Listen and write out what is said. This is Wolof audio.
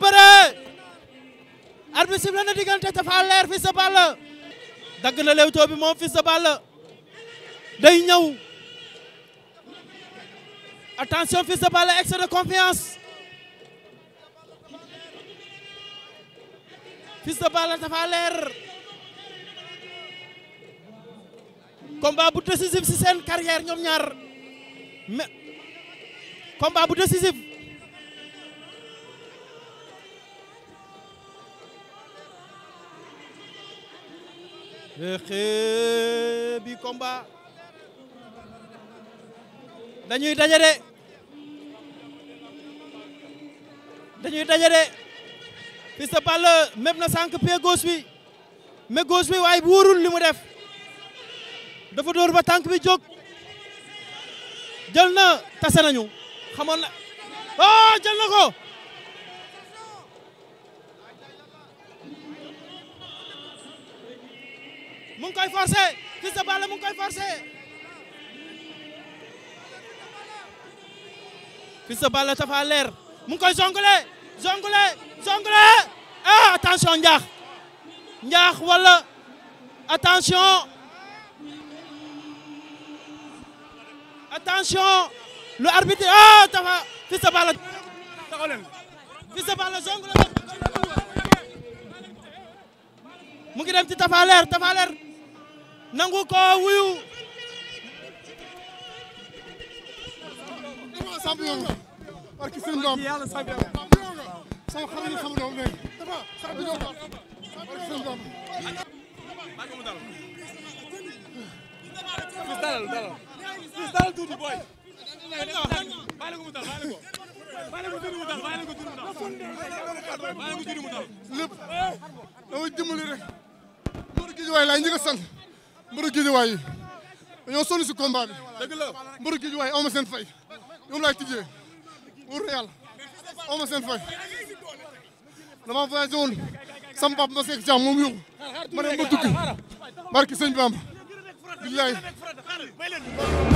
bëre arbitre sifflé na diggante Tapha Leer Fils de Balla dagg na lewtoo bi moom Fils de day ñëw attention Fils de Balla excès de confiance Fils de Balla Tapha Leer combat bu décisif si seen carrière ñoom ñaar mais combat bu décisif bi combat dañuy daje de dañuy daje de Fils de Balla méb na sànq pied gauche bi mais gauche bi waaye wóorul li mu def dafa dóor ba tànk bi jóg jël na tase nañu xamoon na oh jël na ko mu ngi koy forcé Fils de Balla mu ngi koy forcé Fils de Balla Tapha Leer mu ngi koy jongle jongle ah, attention njaax njaax wala attention attention lu arbitre ah Tapha Fils de Balla mu ngi dem ci Tapha Leer nangu ko wuyu lépp dama dimbali rek. Mor Gueye waay laay njëkk a sant. mbëru Guédiawaye dañoo sonn si combat bi. dëgg la mbëru Guédiawaye aw ma seen fay. ñoom laay tijjee wóor na yàlla aw ma seen fay. dama voyagé woon sama papa ma seeg jàmm moom yóbbu ma dem ba tukki barki sëñ Bamba billaay